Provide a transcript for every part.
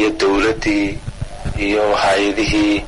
iyo dowladdii iyo hay-adihii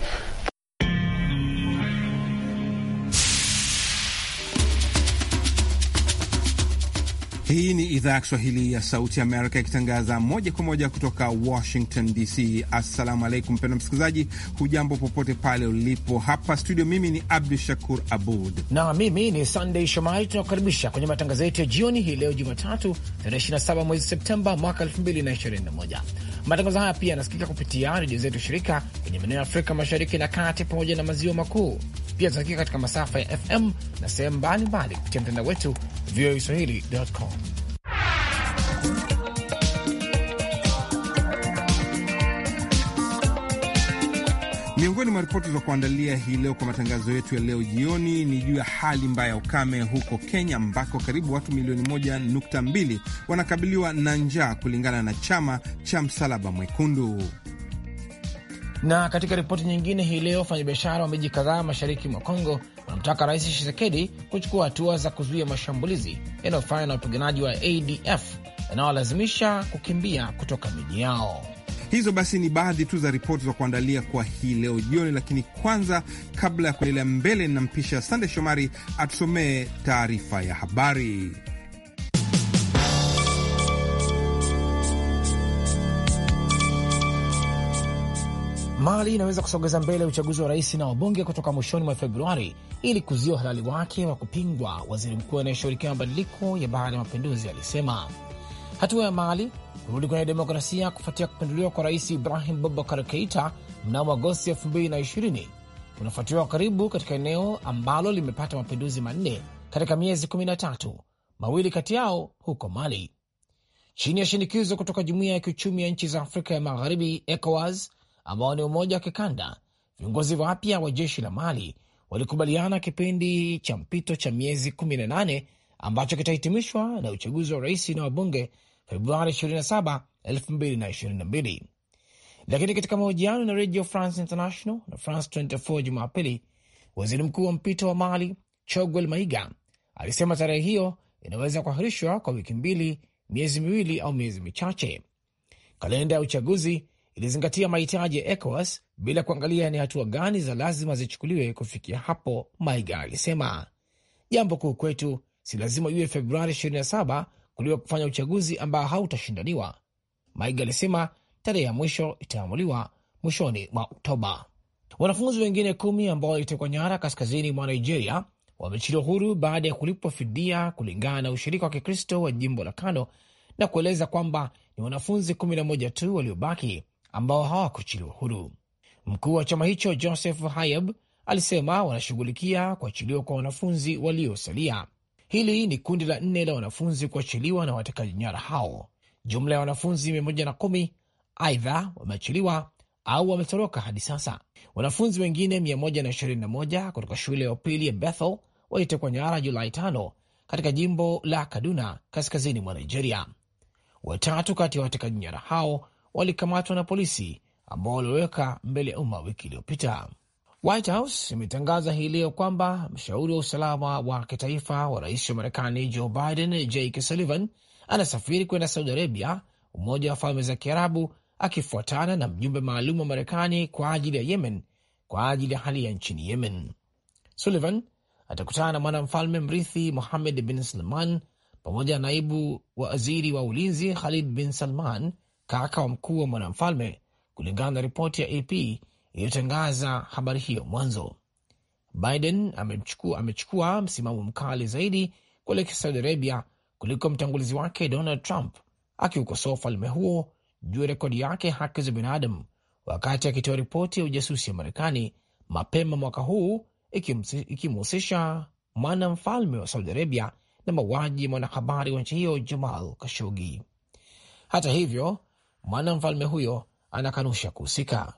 Hii ni idhaa ya Kiswahili ya Sauti Amerika ikitangaza moja kwa moja kutoka Washington DC. Assalamu alaikum mpendwa msikilizaji, hujambo popote pale ulipo. Hapa studio, mimi ni Abdu Shakur Abud na mimi ni Sandey Shomari. Tunakukaribisha kwenye matangazo yetu ya jioni hii leo Jumatatu, tarehe 27 mwezi Septemba mwaka 2021 Matangazo haya pia yanasikika kupitia redio zetu shirika kwenye maeneo ya Afrika Mashariki na Kati pamoja na Maziwa Makuu. Pia tunasikika katika masafa ya FM na sehemu mbalimbali kupitia mtandao wetu voaswahili.com. Miongoni mwa ripoti za kuandalia hii leo kwa matangazo yetu ya leo jioni ni juu ya hali mbaya ya ukame huko Kenya, ambako karibu watu milioni 1.2 wanakabiliwa na njaa kulingana na chama cha Msalaba Mwekundu. Na katika ripoti nyingine hii leo, wafanyabiashara wa miji kadhaa mashariki mwa Kongo wanamtaka Rais Tshisekedi kuchukua hatua za kuzuia mashambulizi yanayofanywa na wapiganaji wa ADF yanayolazimisha kukimbia kutoka miji yao. Hizo basi ni baadhi tu za ripoti za kuandalia kwa hii leo jioni, lakini kwanza, kabla ya kuendelea mbele, ninampisha Sande Shomari atusomee taarifa ya habari. Mali inaweza kusogeza mbele uchaguzi wa rais na wabunge kutoka mwishoni mwa Februari ili kuzia uhalali wake wa kupingwa, waziri mkuu anayeshughulikia mabadiliko ya baada ya mapinduzi alisema. Hatua ya Mali kurudi kwenye demokrasia kufuatia kupinduliwa kwa rais Ibrahim bobakar Keita mnamo Agosti kunafuatiwa unafuatiliwa karibu katika eneo ambalo limepata mapinduzi manne katika miezi 13, mawili kati yao huko Mali. Chini ya shinikizo kutoka jumuiya ya kiuchumi ya nchi za Afrika ya Magharibi, ECOWAS, ambao ni umoja wa kikanda, viongozi wapya wa jeshi la Mali walikubaliana kipindi cha mpito cha miezi 18 ambacho kitahitimishwa na uchaguzi wa rais na wabunge Februari 27, 2022. Lakini katika mahojiano na Radio France International na France 24 Jumapili, waziri mkuu wa mpito wa Mali Choguel Maiga alisema tarehe hiyo inaweza kuahirishwa kwa wiki mbili, miezi miwili au miezi michache. Kalenda ya uchaguzi ilizingatia mahitaji ya ECOWAS bila kuangalia ni hatua gani za lazima zichukuliwe kufikia hapo, Maiga alisema. Jambo kuu kwetu si lazima iwe Februari 27 kuliko kufanya uchaguzi ambao hautashindaniwa. Maiga alisema tarehe ya mwisho itaamuliwa mwishoni mwa Oktoba. Wanafunzi wengine kumi ambao walitekwa nyara kaskazini mwa Nigeria wameachiliwa huru baada ya kulipwa fidia, kulingana na ushirika wa Kikristo wa jimbo la Kano, na kueleza kwamba ni wanafunzi kumi na moja tu waliobaki ambao hawakuachiliwa huru. Mkuu wa chama hicho Joseph Hayab alisema wanashughulikia kuachiliwa kwa wanafunzi waliosalia Hili ni kundi la nne la wanafunzi kuachiliwa na watekaji nyara hao. Jumla ya wanafunzi mia moja na kumi aidha wameachiliwa au wametoroka hadi sasa. Wanafunzi wengine moja kutoka shule ya upili ya Bethel walitekwa nyara Julai tano katika jimbo la Kaduna, kaskazini mwa Nigeria. Watatu kati ya watekaji nyara hao walikamatwa na polisi ambao walioweka mbele ya umma wiki iliyopita. White House imetangaza hii leo kwamba mshauri wa usalama wa kitaifa wa rais wa Marekani Joe Biden, Jake Sullivan, anasafiri kwenda Saudi Arabia, Umoja wa Falme za Kiarabu, akifuatana na mjumbe maalum wa Marekani kwa ajili ya Yemen kwa ajili ya hali ya nchini Yemen. Sullivan atakutana na mwanamfalme mrithi Mohammed bin Salman pamoja na naibu waziri wa ulinzi Khalid bin Salman, kaka wa mkuu wa mwanamfalme, kulingana na ripoti ya AP iliyotangaza habari hiyo mwanzo. Biden amechukua, amechukua msimamo mkali zaidi kuelekea Saudi Arabia kuliko mtangulizi wake Donald Trump, akiukosoa ufalme huo juu ya rekodi yake haki za binadamu, wakati akitoa ripoti ya ujasusi ya Marekani mapema mwaka huu ikimhusisha mwana mfalme wa Saudi Arabia na mauaji ya mwanahabari wa nchi hiyo Jamal Kashogi. Hata hivyo, mwanamfalme huyo anakanusha kuhusika.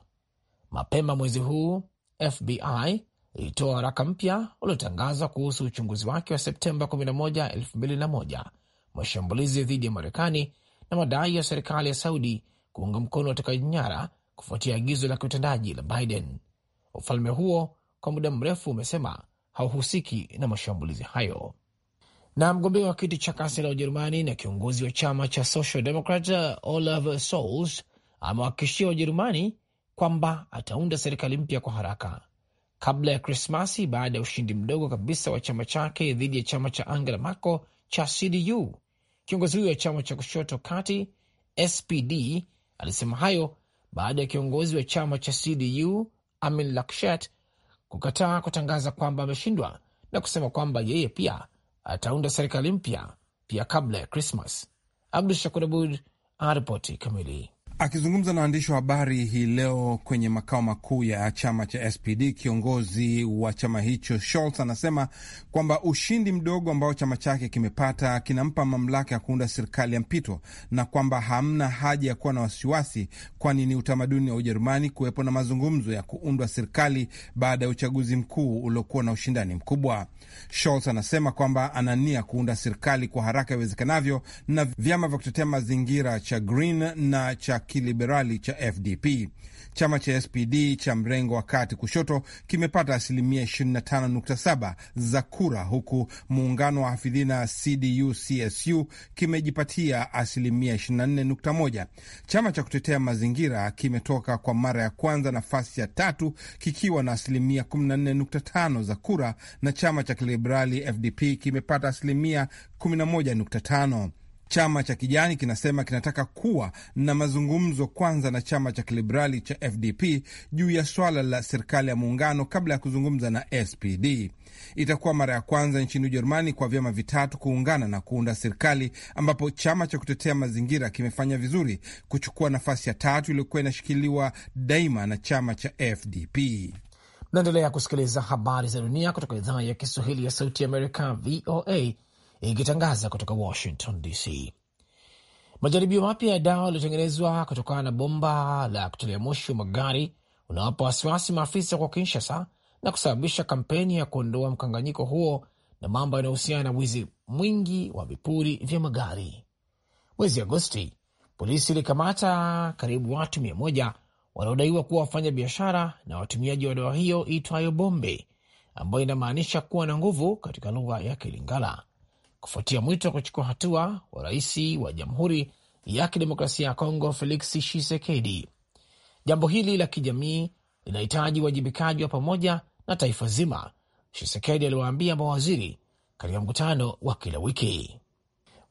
Mapema mwezi huu FBI ilitoa waraka mpya uliotangaza kuhusu uchunguzi wake wa Septemba 11, 2001 mashambulizi dhidi ya Marekani na madai ya serikali ya Saudi kuunga mkono watekaji nyara kufuatia agizo la kiutendaji la Biden. Ufalme huo kwa muda mrefu umesema hauhusiki na mashambulizi hayo. Na mgombea wa kiti cha kansela la Ujerumani na kiongozi wa chama cha Social Democrat Olaf Scholz amewahakikishia Wajerumani kwamba ataunda serikali mpya kwa haraka kabla ya Krismasi baada ya ushindi mdogo kabisa wa chama chake dhidi ya chama cha Angela Merkel cha CDU. Kiongozi huyo wa chama cha kushoto kati SPD alisema hayo baada ya kiongozi wa chama cha CDU Amin Lakshet kukataa kutangaza kwamba ameshindwa na kusema kwamba yeye pia ataunda serikali mpya pia kabla ya Krismas. Abdu Shakur Abud aripoti kamili. Akizungumza na waandishi wa habari hii leo kwenye makao makuu ya chama cha SPD, kiongozi wa chama hicho Scholz anasema kwamba ushindi mdogo ambao chama chake kimepata kinampa mamlaka ya kuunda serikali ya mpito na kwamba hamna haja ya kuwa na wasiwasi, kwani ni utamaduni wa Ujerumani kuwepo na mazungumzo ya kuundwa serikali baada ya uchaguzi mkuu uliokuwa na ushindani mkubwa. Scholz anasema kwamba anania kuunda serikali kwa haraka iwezekanavyo na vyama vya kutetea mazingira cha Green na cha kiliberali cha FDP. Chama cha SPD cha mrengo wa kati kushoto kimepata asilimia 25.7 za kura, huku muungano wa hafidhina CDU CSU kimejipatia asilimia 24.1. Chama cha kutetea mazingira kimetoka kwa mara ya kwanza nafasi ya tatu kikiwa na asilimia 14.5 za kura, na chama cha kiliberali FDP kimepata asilimia 11.5. Chama cha kijani kinasema kinataka kuwa na mazungumzo kwanza na chama cha kiliberali cha FDP juu ya swala la serikali ya muungano kabla ya kuzungumza na SPD. Itakuwa mara ya kwanza nchini Ujerumani kwa vyama vitatu kuungana na kuunda serikali, ambapo chama cha kutetea mazingira kimefanya vizuri kuchukua nafasi ya tatu iliyokuwa inashikiliwa daima na chama cha FDP. naendelea kusikiliza habari za dunia kutoka idhaa ya Kiswahili ya Sauti ya Amerika, VOA ikitangaza kutoka Washington DC. Majaribio mapya ya dawa yaliyotengenezwa kutokana na bomba la kutolea moshi wa magari unawapa wasiwasi maafisa kwa Kinshasa na kusababisha kampeni ya kuondoa mkanganyiko huo na mambo yanayohusiana na wizi mwingi wa vipuri vya magari. Mwezi Agosti, polisi ilikamata karibu watu mia moja wanaodaiwa kuwa wafanya biashara na watumiaji wa dawa hiyo iitwayo bombe, ambayo inamaanisha kuwa na nguvu katika lugha ya Kilingala kufuatia mwito wa kuchukua hatua wa rais wa Jamhuri ya Kidemokrasia ya Kongo Felix Tshisekedi. Jambo hili la kijamii linahitaji uwajibikaji wa pamoja na taifa zima, Tshisekedi aliwaambia mawaziri katika mkutano wa kila wiki.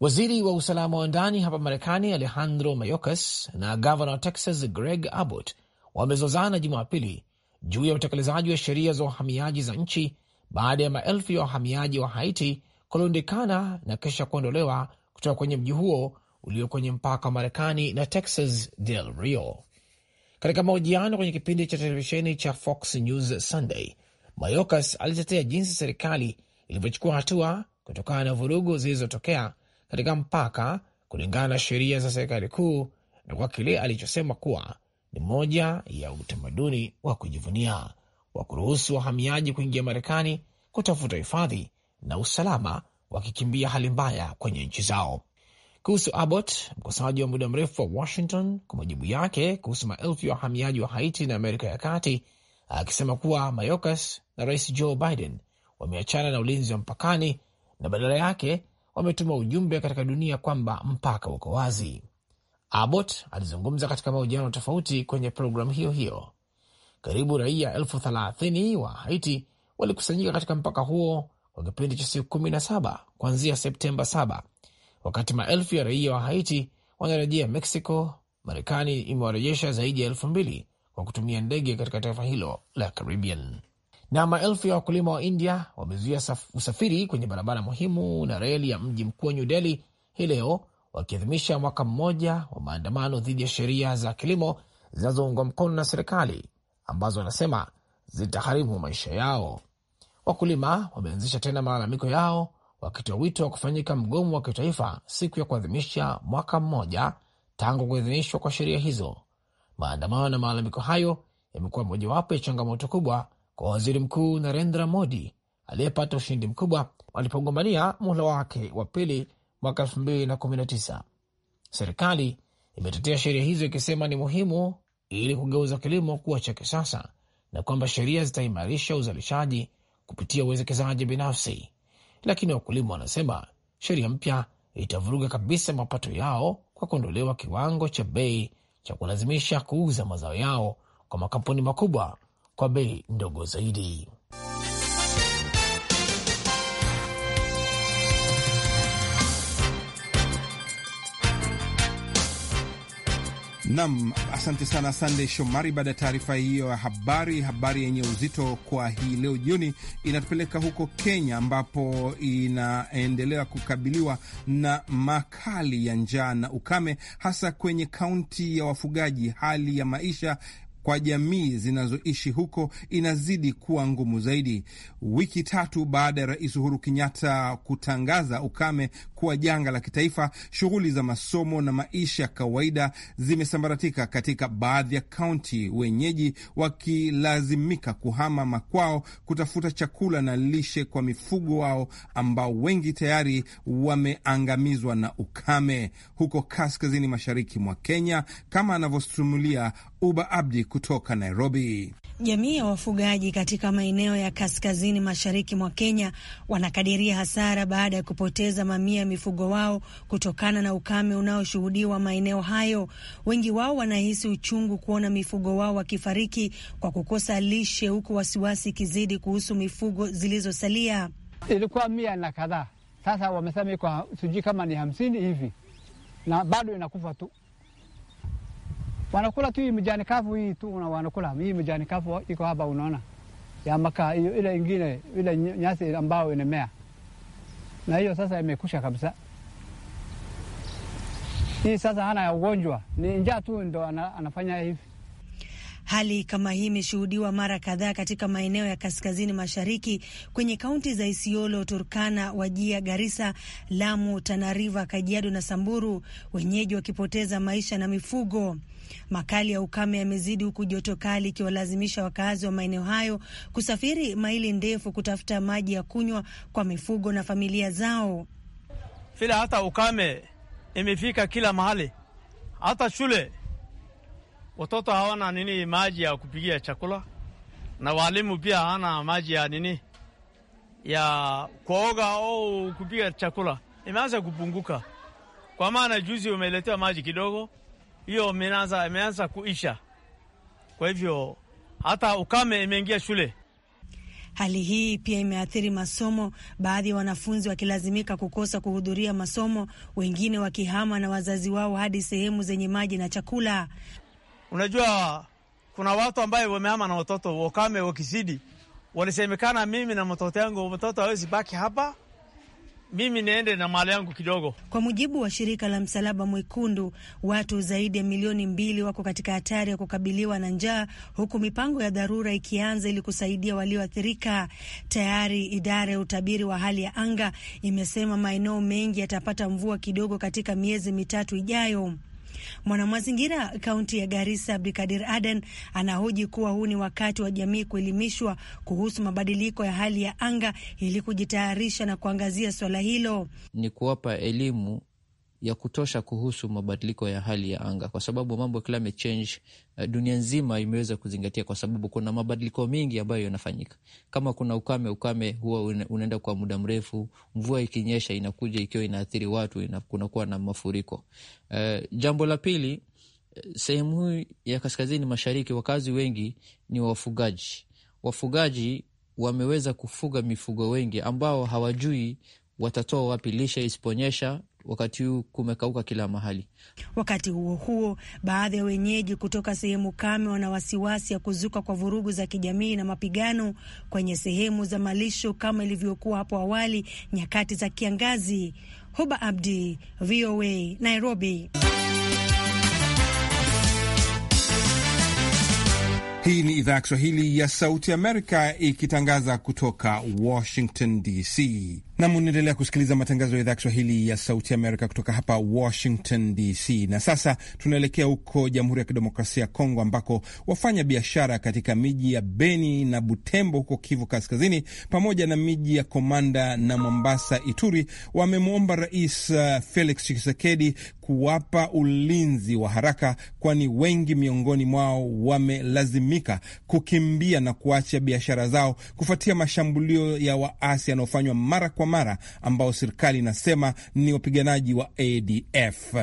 Waziri wa usalama wa ndani hapa Marekani Alejandro Mayorkas na gavana wa Texas Greg Abbott wamezozana Jumapili juu ya utekelezaji wa sheria za wahamiaji za nchi baada ya maelfu ya wahamiaji wa Haiti kulundikana na kisha kuondolewa kutoka kwenye mji huo ulio kwenye mpaka wa Marekani na Texas Del Rio. Katika mahojiano kwenye kipindi cha televisheni cha Fox News Sunday, Mayorkas alitetea jinsi serikali ilivyochukua hatua kutokana na vurugu zilizotokea katika mpaka kulingana na sheria za serikali kuu na kwa kile alichosema kuwa ni moja ya utamaduni wa kujivunia wa kuruhusu wahamiaji kuingia Marekani kutafuta hifadhi na usalama wakikimbia hali mbaya kwenye nchi zao. Kuhusu Abbott, mkosoaji wa muda mrefu wa Washington kwa majibu yake kuhusu maelfu ya wahamiaji wa Haiti na Amerika ya Kati, akisema kuwa Mayorkas na Rais Joe Biden wameachana na ulinzi wa mpakani na badala yake wametuma ujumbe katika dunia kwamba mpaka uko wazi. Abbott alizungumza katika mahojiano tofauti kwenye programu hiyo hiyo. Karibu raia elfu thelathini wa Haiti walikusanyika katika mpaka huo kwa kipindi cha siku kumi na saba kuanzia Septemba saba, wakati maelfu ya raia wa Haiti wanarejea Mexico. Marekani imewarejesha zaidi ya elfu mbili kwa kutumia ndege katika taifa hilo la Caribbean. Na maelfu ya wakulima wa India wamezuia usafiri kwenye barabara muhimu na reli ya mji mkuu wa New Delhi hii leo wakiadhimisha mwaka mmoja wa maandamano dhidi ya sheria za kilimo zinazoungwa mkono na serikali ambazo wanasema zitaharibu maisha yao. Wakulima wameanzisha tena malalamiko yao wakitoa wito wa kufanyika mgomo wa kitaifa siku ya kuadhimisha mwaka mmoja tangu kuidhinishwa kwa sheria hizo. Maandamano na malalamiko hayo yamekuwa mojawapo ya changamoto kubwa kwa waziri mkuu Narendra Modi aliyepata ushindi mkubwa walipogombania muhula wake wa pili mwaka 2019. Serikali imetetea sheria hizo ikisema ni muhimu ili kugeuza kilimo kuwa cha kisasa na kwamba sheria zitaimarisha uzalishaji kupitia uwezekezaji binafsi, lakini wakulima wanasema sheria mpya itavuruga kabisa mapato yao kwa kuondolewa kiwango cha bei cha kulazimisha kuuza mazao yao kwa makampuni makubwa kwa bei ndogo zaidi. Nam, asante sana Sande Shomari. Baada ya taarifa hiyo ya habari, habari yenye uzito kwa hii leo jioni inatupeleka huko Kenya, ambapo inaendelea kukabiliwa na makali ya njaa na ukame, hasa kwenye kaunti ya wafugaji. Hali ya maisha kwa jamii zinazoishi huko inazidi kuwa ngumu zaidi, wiki tatu baada ya Rais Uhuru Kenyatta kutangaza ukame kuwa janga la kitaifa. Shughuli za masomo na maisha ya kawaida zimesambaratika katika baadhi ya kaunti, wenyeji wakilazimika kuhama makwao kutafuta chakula na lishe kwa mifugo wao ambao wengi tayari wameangamizwa na ukame. Huko kaskazini mashariki mwa Kenya, kama anavyosimulia Uba Abdi kutoka Nairobi. Jamii ya wafugaji katika maeneo ya kaskazini mashariki mwa Kenya wanakadiria hasara baada ya kupoteza mamia ya mifugo wao kutokana na ukame unaoshuhudiwa maeneo hayo. Wengi wao wanahisi uchungu kuona mifugo wao wakifariki kwa kukosa lishe, huku wasiwasi ikizidi kuhusu mifugo zilizosalia. Ilikuwa mia na kadhaa, sasa wamesema iko sijui kama ni hamsini hivi, na bado inakufa tu wanakula tu mjani kavu hii tu wanakula hii mjani kavu iko hapa, unaona ya makaa hiyo, ile ingine ile nyasi ambayo inamea na hiyo sasa imekusha kabisa. Hii sasa hana ya ugonjwa, ni njaa tu ndo anafanya hivi. Hali kama hii imeshuhudiwa mara kadhaa katika maeneo ya kaskazini mashariki kwenye kaunti za Isiolo, Turkana, Wajia, Garissa, Lamu, tanariva Kajiado na Samburu, wenyeji wakipoteza maisha na mifugo. Makali ya ukame yamezidi huku joto kali ikiwalazimisha wakazi wa maeneo hayo kusafiri maili ndefu kutafuta maji ya kunywa kwa mifugo na familia zao. Vile hata ukame imefika kila mahali, hata shule watoto hawana nini maji ya kupigia chakula, na walimu pia hawana maji ya nini ya kuoga au kupiga chakula. Imeanza kupunguka, kwa maana juzi umeletewa maji kidogo hiyo imeanza kuisha, kwa hivyo hata ukame imeingia shule. Hali hii pia imeathiri masomo, baadhi ya wanafunzi wakilazimika kukosa kuhudhuria masomo, wengine wakihama na wazazi wao hadi sehemu zenye maji na chakula. Unajua, kuna watu ambaye wamehama na watoto, wakame wakizidi, walisemekana, mimi na mtoto yangu, mtoto hawezi baki hapa mimi niende na mali yangu kidogo. Kwa mujibu wa shirika la Msalaba Mwekundu, watu zaidi ya milioni mbili wako katika hatari ya kukabiliwa na njaa, huku mipango ya dharura ikianza ili kusaidia walioathirika. Tayari idara ya utabiri wa hali ya anga imesema maeneo mengi yatapata mvua kidogo katika miezi mitatu ijayo. Mwanamazingira kaunti ya Garissa, Abdikadir Aden, anahoji kuwa huu ni wakati wa jamii kuelimishwa kuhusu mabadiliko ya hali ya anga ili kujitayarisha na kuangazia swala hilo. Ni kuwapa elimu ya kutosha kuhusu mabadiliko ya hali ya anga, kwa sababu mambo ya climate change uh, dunia nzima imeweza kuzingatia, kwa sababu kuna mabadiliko mengi ambayo yanafanyika. Kama kuna ukame, ukame huwa unaenda kwa muda mrefu. Mvua ikinyesha inakuja ikiwa inaathiri watu ina, kunakuwa na mafuriko. Uh, jambo la pili, eh, sehemu hii ya kaskazini mashariki wakazi wengi ni wafugaji. Wafugaji wameweza kufuga mifugo wengi ambao hawajui watatoa wapi lishe isiponyesha wakati huu kumekauka kila mahali. Wakati huo huo, baadhi ya wenyeji kutoka sehemu kame wana wasiwasi ya kuzuka kwa vurugu za kijamii na mapigano kwenye sehemu za malisho kama ilivyokuwa hapo awali nyakati za kiangazi. Huba Abdi, VOA, Nairobi. Hii ni idhaa ya Kiswahili ya Sauti Amerika ikitangaza kutoka Washington DC. Nam, unaendelea kusikiliza matangazo ya idhaa ya Kiswahili ya Sauti Amerika kutoka hapa Washington DC. Na sasa tunaelekea huko Jamhuri ya Kidemokrasia ya Kongo, ambako wafanya biashara katika miji ya Beni na Butembo huko Kivu Kaskazini, pamoja na miji ya Komanda na Mombasa, Ituri, wamemwomba Rais uh, Felix Tshisekedi kuwapa ulinzi wa haraka, kwani wengi miongoni mwao wamelazimika kukimbia na kuacha biashara zao kufuatia mashambulio ya waasi yanayofanywa mara kwa mara ambao serikali inasema ni wapiganaji wa ADF.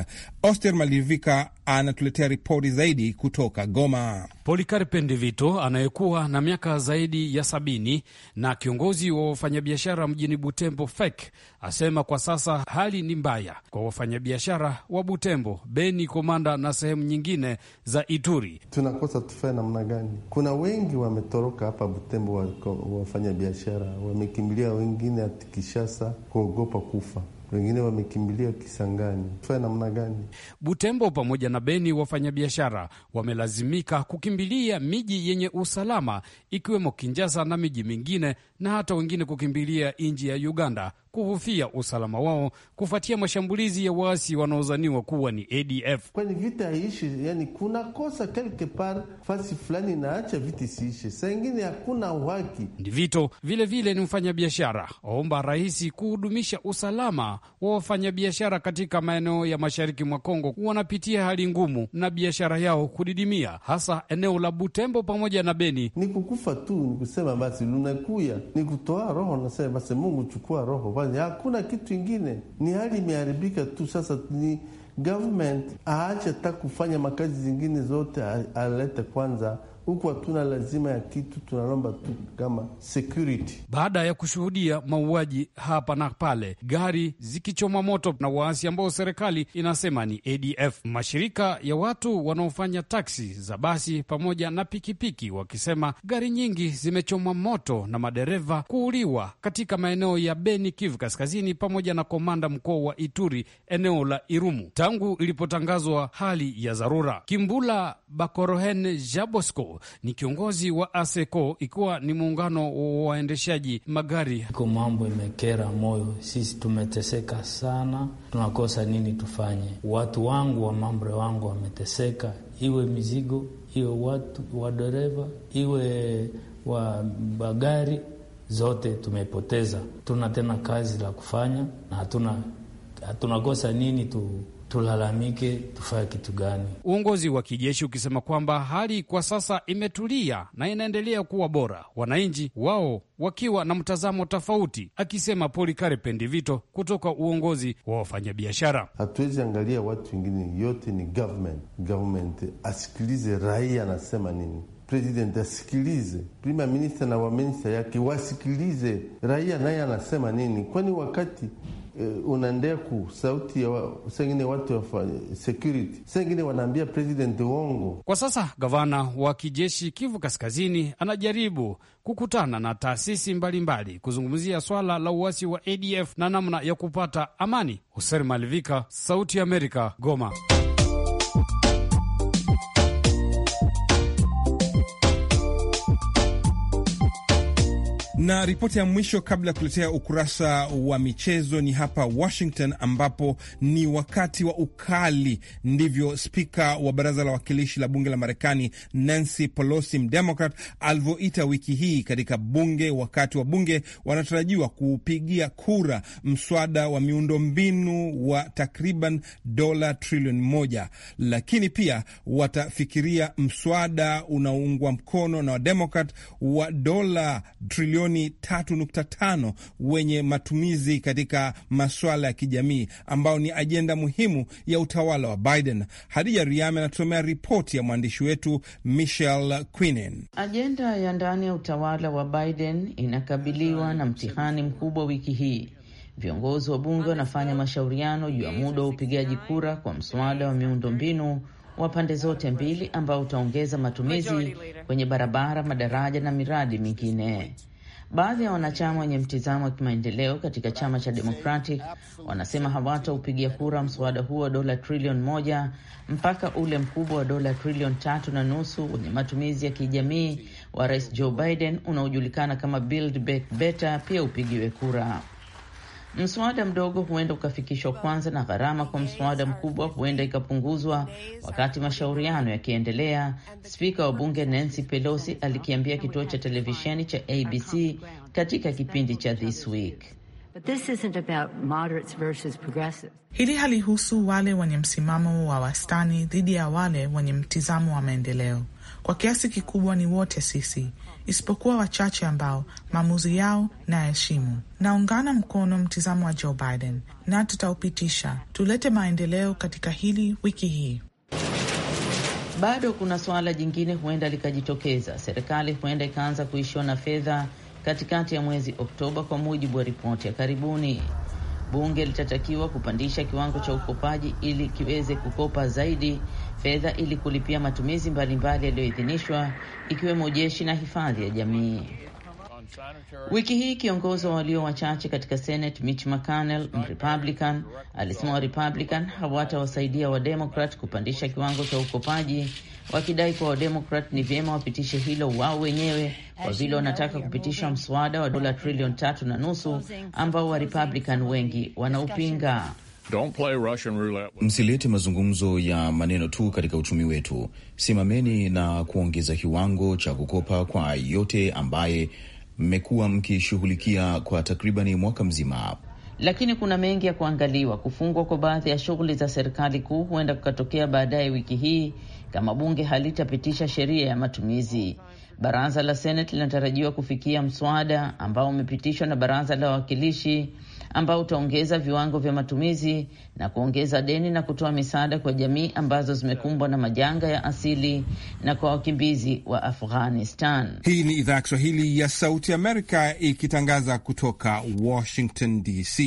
Oster Malivika anatuletea ripoti zaidi kutoka Goma. Polikarpe Ndivito anayekuwa na miaka zaidi ya sabini na kiongozi wa wafanyabiashara mjini Butembo fek asema kwa sasa hali ni mbaya kwa wafanyabiashara wa Butembo, Beni, Komanda na sehemu nyingine za Ituri. Tunakosa tufae namna gani? Kuna wengi wametoroka hapa Butembo, wafanyabiashara wamekimbilia, wengine hati Kishasa kuogopa kufa wengine wamekimbilia Kisangani. Tufanye namna gani? Butembo pamoja na Beni, wafanyabiashara wamelazimika kukimbilia miji yenye usalama ikiwemo Kinjasa na miji mingine, na hata wengine kukimbilia nchi ya Uganda kuhofia usalama wao kufuatia mashambulizi ya waasi wanaozaniwa kuwa ni ADF. Kwani vita haishi, yani kuna kosa quelque part, fasi fulani inaacha vita isiishe, saa ingine hakuna uhaki. Ndi Vito vilevile ni mfanyabiashara, aomba rais kuhudumisha usalama wa wafanyabiashara katika maeneo ya mashariki mwa Kongo, wanapitia hali ngumu na biashara yao kudidimia, hasa eneo la Butembo pamoja na Beni. Ni kukufa tu, ni kusema basi lunakuya, ni kutoa roho, nasema basi Mungu chukua roho kwani hakuna kitu ingine, ni hali imeharibika tu. Sasa ni government aache ta kufanya makazi zingine zote, alete kwanza huku hatuna lazima ya kitu, tunalomba tu kama security. Baada ya kushuhudia mauaji hapa na pale, gari zikichomwa moto na waasi ambao serikali inasema ni ADF, mashirika ya watu wanaofanya taksi za basi pamoja na pikipiki wakisema gari nyingi zimechomwa moto na madereva kuuliwa katika maeneo ya Beni, Kivu Kaskazini pamoja na Komanda, mkoa wa Ituri, eneo la Irumu tangu ilipotangazwa hali ya dharura. Kimbula Bakorohen Jabosco ni kiongozi wa ASECO, ikiwa ni muungano wa waendeshaji magari. Iko mambo imekera moyo, sisi tumeteseka sana, tunakosa nini tufanye? Watu wangu wa mambre wangu wameteseka, iwe mizigo, iwe watu wa dereva, iwe wa magari zote tumepoteza. Tuna tena kazi la kufanya na hatuna hatunakosa nini tu tulalamike tufanye kitu gani? Uongozi wa kijeshi ukisema kwamba hali kwa sasa imetulia na inaendelea kuwa bora, wananchi wao wakiwa na mtazamo tofauti, akisema polikare pendivito kutoka uongozi wa wafanyabiashara. Hatuwezi angalia watu wengine, yote ni government. Government asikilize raia anasema nini president asikilize prime minister na waminista yake wasikilize raia, naye anasema nini, kwani wakati Uh, eh, unandeku sauti ya wa, sengine watu wafa security sengine wanaambia president uongo. Kwa sasa gavana wa kijeshi Kivu Kaskazini anajaribu kukutana na taasisi mbalimbali kuzungumzia swala la uasi wa ADF na namna ya kupata amani. Hoser Malivika, Sauti ya Amerika, Goma. Na ripoti ya mwisho kabla ya kuletea ukurasa wa michezo ni hapa Washington, ambapo ni wakati wa ukali. Ndivyo spika wa baraza la wakilishi la bunge la Marekani Nancy Pelosi mdemokrat alivyoita wiki hii katika bunge. Wakati wa bunge wanatarajiwa kuupigia kura mswada wa miundombinu wa takriban dola trilioni moja, lakini pia watafikiria mswada unaoungwa mkono na wademokrat wa dola trilioni bilioni 3.5 wenye matumizi katika masuala ya kijamii, ambao ni ajenda muhimu ya utawala wa Biden. Hadija Riame anatusomea ripoti ya mwandishi wetu Michel Quinin. Ajenda ya ndani ya utawala wa Biden inakabiliwa na mtihani mkubwa wiki hii. Viongozi wa bunge wanafanya mashauriano juu ya muda wa upigaji kura kwa mswada wa miundo mbinu wa pande zote mbili ambao utaongeza matumizi kwenye barabara, madaraja na miradi mingine. Baadhi ya wanachama wenye mtizamo wa kimaendeleo katika chama cha Democratic wanasema hawataupigia kura mswada huo wa dola trilioni moja mpaka ule mkubwa wa dola trilioni tatu na nusu wenye matumizi ya kijamii wa Rais Joe Biden unaojulikana kama Build Back Better pia upigiwe kura. Mswada mdogo huenda ukafikishwa kwanza na gharama kwa mswada mkubwa huenda ikapunguzwa wakati mashauriano yakiendelea. Spika wa bunge Nancy Pelosi alikiambia kituo cha televisheni cha ABC katika kipindi cha This Week. But this isn't about moderates versus progressives. Hili halihusu wale wenye msimamo wa wastani dhidi ya wale wenye mtizamo wa maendeleo. Kwa kiasi kikubwa ni wote sisi, isipokuwa wachache ambao maamuzi yao nayaheshimu. Naungana mkono mtizamo wa Joe Biden na tutaupitisha. Tulete maendeleo katika hili wiki hii. Bado kuna suala jingine huenda likajitokeza. Serikali huenda ikaanza kuishiwa na fedha katikati ya mwezi Oktoba, kwa mujibu wa ripoti ya karibuni bunge litatakiwa kupandisha kiwango cha ukopaji ili kiweze kukopa zaidi fedha ili kulipia matumizi mbalimbali yaliyoidhinishwa ikiwemo jeshi na hifadhi ya jamii. Wiki hii kiongozi wa walio wachache katika Senate Mitch McConnell, Mrepublican, alisema Warepublican hawatawasaidia Wademokrat kupandisha kiwango cha ukopaji, wakidai kuwa Wademokrat ni vyema wapitishe hilo wao wenyewe kwa vile wanataka kupitisha mswada wa dola trilioni tatu na nusu ambao Warepublican wengi wanaupinga. Msilete mazungumzo ya maneno tu katika uchumi wetu. Simameni na kuongeza kiwango cha kukopa kwa yote ambaye mmekuwa mkishughulikia kwa takribani mwaka mzima. Lakini kuna mengi ya kuangaliwa. Kufungwa kwa baadhi ya shughuli za serikali kuu huenda kukatokea baadaye wiki hii kama bunge halitapitisha sheria ya matumizi. Baraza la Seneti linatarajiwa kufikia mswada ambao umepitishwa na baraza la wawakilishi ambao utaongeza viwango vya matumizi na kuongeza deni na kutoa misaada kwa jamii ambazo zimekumbwa na majanga ya asili na kwa wakimbizi wa Afghanistan. Hii ni idhaa ya Kiswahili ya Sauti Amerika ikitangaza kutoka Washington DC.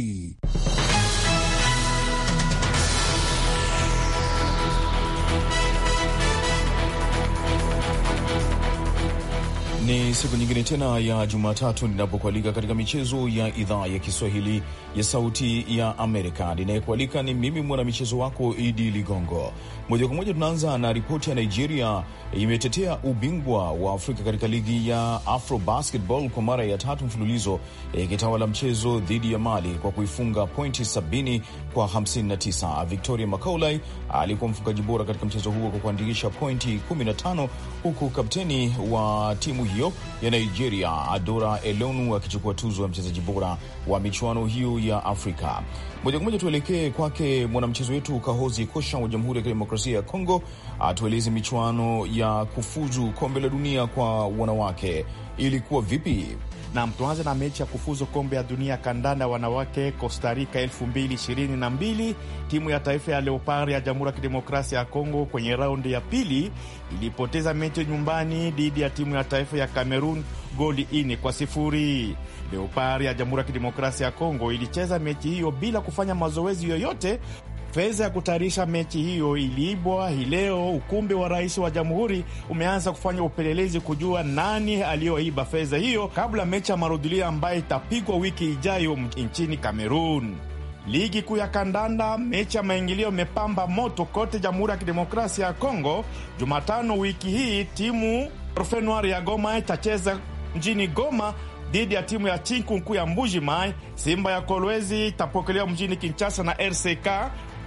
Ni siku nyingine tena ya Jumatatu ninapokualika katika michezo ya idhaa ya Kiswahili ya Sauti ya Amerika. Ninayekualika ni mimi mwanamichezo wako Idi Ligongo. Moja kwa moja tunaanza na ripoti ya Nigeria imetetea ubingwa wa Afrika katika ligi ya Afro Basketball kwa mara ya tatu mfululizo, ikitawala mchezo dhidi ya Mali kwa kuifunga pointi 70 kwa 59. Victoria Macaulay alikuwa mfungaji bora katika mchezo huo kwa kuandikisha pointi 15 huku kapteni wa timu hiyo ya Nigeria, Adora Elonu akichukua tuzo ya mchezaji bora wa michuano hiyo ya Afrika. Moja kwa moja tuelekee kwake mwanamchezo wetu Kahozi Kosha wa Jamhuri ya Kidemokrasia ya Kongo, atueleze michuano ya kufuzu kombe la dunia kwa wanawake ilikuwa vipi? Nam, tuanze na mechi ya kufuzu kombe ya dunia ya kandanda wanawake Costa Rica 2022. Timu ya taifa ya Leopard ya Jamhuri ya Kidemokrasia ya Kongo kwenye raundi ya pili ilipoteza mechi nyumbani dhidi ya timu ya taifa ya Cameroon goli ini kwa sifuri. Leopard ya Jamhuri ya Kidemokrasia ya Kongo ilicheza mechi hiyo bila kufanya mazoezi yoyote Pesa ya kutayarisha mechi hiyo iliibwa hii leo. Ukumbi wa rais wa jamhuri umeanza kufanya upelelezi kujua nani aliyoiba fedha hiyo kabla mechi ya marudhulia ambayo itapigwa wiki ijayo nchini Kamerun. Ligi kuu ya kandanda, mechi ya maingilio imepamba moto kote Jamhuri ya Kidemokrasia ya Kongo. Jumatano wiki hii timu Orfe Noir ya Goma itacheza mjini Goma dhidi ya timu ya Chinkunku ya mbujimai Simba ya Kolwezi itapokelewa mjini Kinshasa na RCK,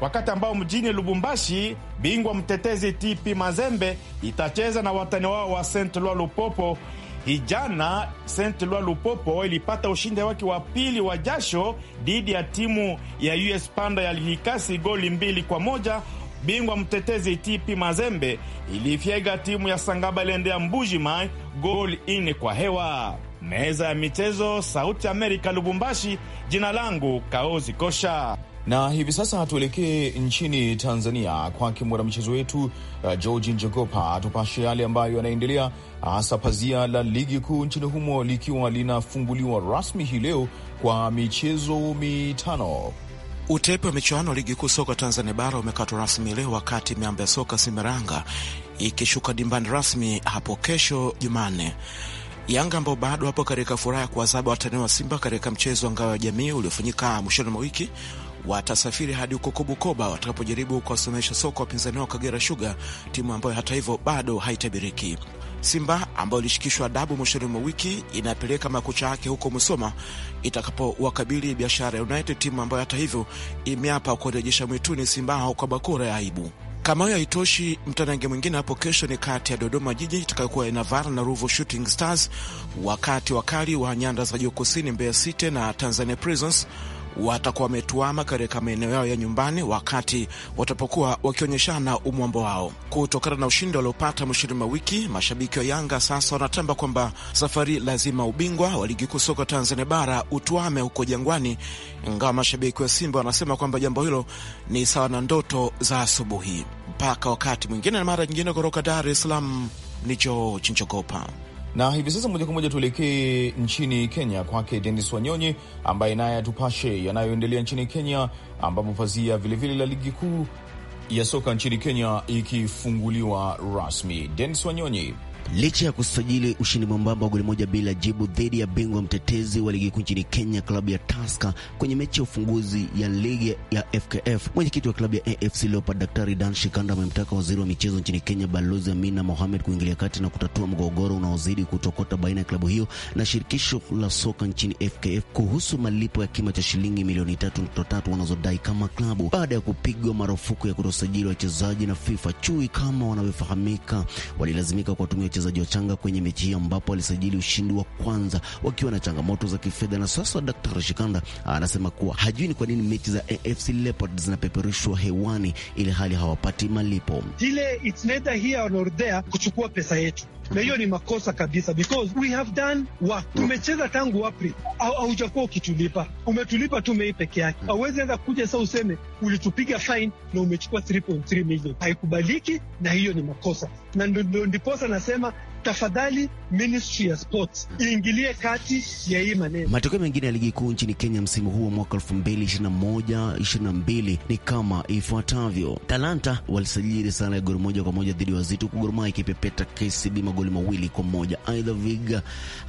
wakati ambao mjini Lubumbashi bingwa mtetezi TP Mazembe itacheza na watani wao wa Saint Eloi Lupopo. Hijana Saint Eloi Lupopo ilipata ushindi wake wa pili wa jasho dhidi ya timu ya US Panda ya Likasi goli mbili kwa moja. Bingwa mtetezi TP Mazembe ilifyega timu ya Sangabalende ya Mbujimai goli ine kwa hewa. Meza ya michezo, Sauti Amerika, Lubumbashi. Jina langu Kaozi Kosha. Na hivi sasa tuelekee nchini Tanzania kwake mwanamchezo wetu uh, Georgi Njogopa atupashe yale ambayo yanaendelea, hasa pazia la ligi kuu nchini humo likiwa linafunguliwa rasmi hii leo kwa michezo mitano. Utepe wa michuano ligi kuu soka Tanzania bara umekatwa rasmi leo, wakati miamba ya soka Simeranga ikishuka dimbani rasmi hapo kesho Jumanne. Yanga ambao bado wapo katika furaha ya kuwazaba watani wa Simba katika mchezo wa ngao ya jamii uliofanyika mwishoni mwa wiki watasafiri hadi huko Kobukoba watakapojaribu kuwasomesha soko wapinzani wao Kagera Sugar, timu ambayo hata hivyo bado haitabiriki. Simba ambayo ilishikishwa adabu mwishoni mwa wiki inapeleka makucha yake huko Musoma itakapowakabili Biashara United, timu ambayo hata hivyo imeapa kurejesha mwituni Simba hao kwa bakora ya aibu. Kama hiyo haitoshi, mtanange mwingine hapo kesho ni kati ya Dodoma Jiji itakayokuwa ina na Ruvu Shooting Stars, wakati wakali wa nyanda za juu kusini Mbeya City na Tanzania Prisons watakuwa wametuama katika maeneo yao ya nyumbani wakati watapokuwa wakionyeshana umwambo wao. Kutokana na ushindi waliopata mwishoni mwa wiki, mashabiki wa Yanga sasa wanatamba kwamba safari lazima ubingwa wa ligi kuu soka Tanzania bara utuame huko Jangwani, ingawa mashabiki wa Simba wanasema kwamba jambo hilo ni sawa na ndoto za asubuhi. Mpaka wakati mwingine na mara nyingine, kutoka Dar es Salaam ni George Njogopa. Na hivi sasa moja kwa moja tuelekee nchini Kenya kwake Denis Wanyonyi ambaye naye atupashe yanayoendelea nchini Kenya, ambapo pazia vilevile la ligi kuu ya soka nchini Kenya ikifunguliwa rasmi. Denis Wanyonyi licha ya kusajili ushindi mwembamba wa goli moja bila jibu dhidi ya bingwa mtetezi wa ligi kuu nchini Kenya, klabu ya Tusker kwenye mechi ya ufunguzi ya ligi ya FKF. Mwenyekiti wa klabu ya AFC Leopard Daktari Dan Shikanda amemtaka waziri wa michezo nchini Kenya Balozi Amina Mohamed kuingilia kati na kutatua mgogoro unaozidi kutokota baina ya klabu hiyo na shirikisho la soka nchini FKF kuhusu malipo ya kima cha shilingi milioni 3.3 wanazodai kama klabu baada ya kupigwa marufuku ya kutosajili wachezaji na FIFA. Chui kama wanavyofahamika, walilazimika kuwatumia wachezaji wachanga kwenye mechi hiyo ambapo alisajili ushindi wa kwanza wakiwa na changamoto za kifedha. Na sasa Dr. Shikanda anasema kuwa hajui ni kwa nini mechi za AFC Leopards zinapeperushwa hewani ili hali hawapati malipo. Ile it's neither here nor there kuchukua pesa yetu na hiyo ni makosa kabisa, because we have done work. Tumecheza tangu April, haujakuwa ukitulipa, umetulipa tu Mei peke yake. Hmm. Hauwezi enda kuja sa useme ulitupiga fine na umechukua 3.3 milioni, haikubaliki, na hiyo ni makosa, na ndiposa nasema tafadhali ministry ya sports iingilie kati ya hii maneno. Matokeo mengine ya ligi kuu nchini Kenya msimu huu wa mwaka 2021 22 ni kama ifuatavyo: Talanta walisajili sare ya goli moja kwa moja dhidi ya Wazito, huku Gor Mahia ikipepeta KCB magoli mawili kwa moja. Aidha, Viga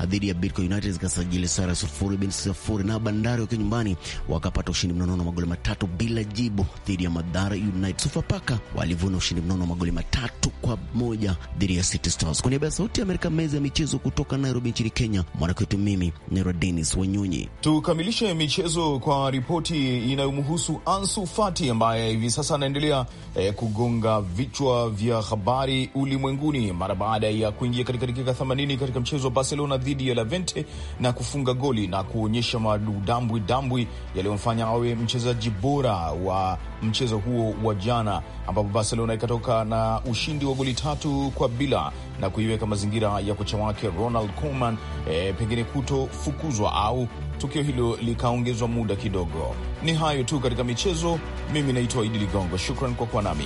eh, dhidi ya Bidco United zikasajili sare sufuri bin sufuri, na Bandari wakiwa nyumbani wakapata ushindi mnono wa magoli matatu bila jibu dhidi ya Madhara United. Sofapaka walivuna ushindi mnono wa magoli matatu kwa moja dhidi ya City Stars. Kwa niaba Sauti ya Amerika, meza ya michezo kutoka Nairobi nchini Kenya. Mwanakwetu mimi Nero Denis Wanyonyi. Tukamilishe michezo kwa ripoti inayomhusu Ansu Fati ambaye hivi sasa anaendelea eh, kugonga vichwa vya habari ulimwenguni mara baada ya kuingia katika dakika 80 katika mchezo wa Barcelona dhidi ya Levante na kufunga goli na kuonyesha madudambwi dambwi yaliyomfanya awe mchezaji bora wa mchezo huo wa jana, ambapo Barcelona ikatoka na ushindi wa goli tatu kwa bila na kuiweka mazingira ya kocha wake Ronald Koeman e, pengine kutofukuzwa au tukio hilo likaongezwa muda kidogo. Ni hayo tu katika michezo. Mimi naitwa Idi Ligongo, shukran kwa kuwa nami.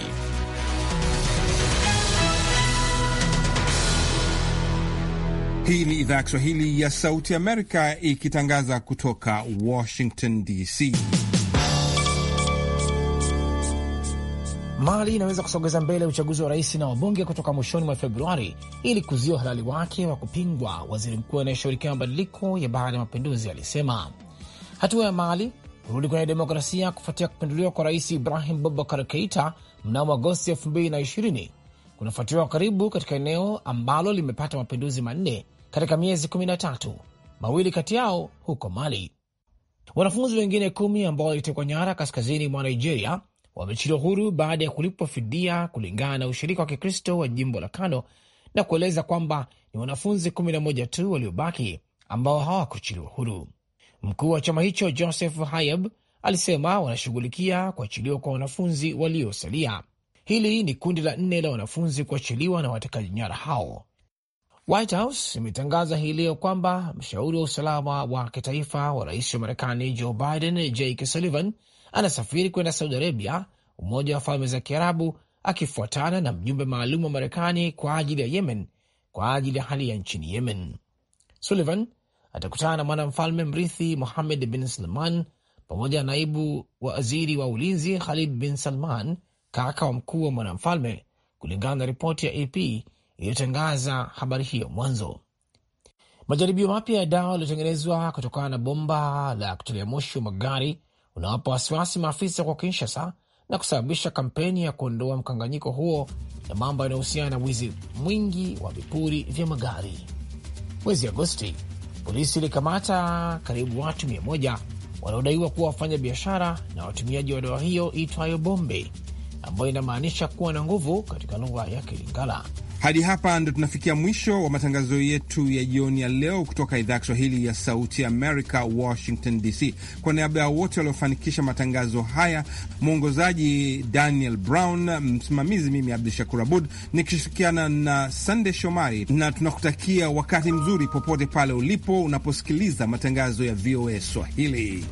Hii ni idhaa ya Kiswahili ya Sauti Amerika ikitangaza kutoka Washington DC. Mali inaweza kusogeza mbele uchaguzi wa rais na wabunge kutoka mwishoni mwa Februari ili kuzuia uhalali wake wa kupingwa, waziri mkuu anayeshughulikia mabadiliko ya baada ya mapinduzi alisema. Hatua ya Mali kurudi kwenye demokrasia kufuatia kupinduliwa kwa rais Ibrahim bobakar Keita mnamo Agosti 2020 kunafuatiliwa karibu katika eneo ambalo limepata mapinduzi manne katika miezi 13, mawili kati yao huko Mali. Wanafunzi wengine kumi ambao walitekwa nyara kaskazini mwa Nigeria wameachiliwa huru baada ya kulipwa fidia kulingana na ushirika wa Kikristo wa jimbo la Kano na kueleza kwamba ni wanafunzi kumi na moja tu waliobaki ambao hawakuachiliwa huru. Mkuu wa chama hicho Joseph Hayab alisema wanashughulikia kuachiliwa kwa wanafunzi waliosalia. Hili ni kundi la nne la wanafunzi kuachiliwa na watekaji nyara hao. White House imetangaza hii leo kwamba mshauri wa usalama wa kitaifa wa rais wa Marekani Joe Biden, Jake Sullivan anasafiri kwenda Saudi Arabia, Umoja wa Falme za Kiarabu, akifuatana na mjumbe maalum wa Marekani kwa ajili ya Yemen kwa ajili ya hali ya nchini Yemen. Sullivan atakutana na mwanamfalme mrithi Mohammed bin Salman pamoja na naibu waziri wa ulinzi Khalid bin Salman, kaka wa mkuu wa mwanamfalme, kulingana na ripoti ya AP iliyotangaza habari hiyo mwanzo. Majaribio mapya ya dawa yaliyotengenezwa kutokana na bomba la kutolea moshi wa magari unawapa wasiwasi maafisa kwa Kinshasa na kusababisha kampeni ya kuondoa mkanganyiko huo na mambo yanayohusiana na wizi mwingi wa vipuri vya magari. Mwezi Agosti, polisi ilikamata karibu watu mia moja wanaodaiwa kuwa wafanya biashara na watumiaji wa dawa hiyo iitwayo Bombe, ambayo inamaanisha kuwa na nguvu katika lugha ya Kilingala, hadi hapa ndo tunafikia mwisho wa matangazo yetu ya jioni ya leo kutoka idhaa ya Kiswahili ya Sauti Amerika, Washington DC. Kwa niaba ya wote waliofanikisha matangazo haya, mwongozaji Daniel Brown, msimamizi mimi Abdu Shakur Abud nikishirikiana na Sande Shomari, na tunakutakia wakati mzuri popote pale ulipo unaposikiliza matangazo ya VOA Swahili.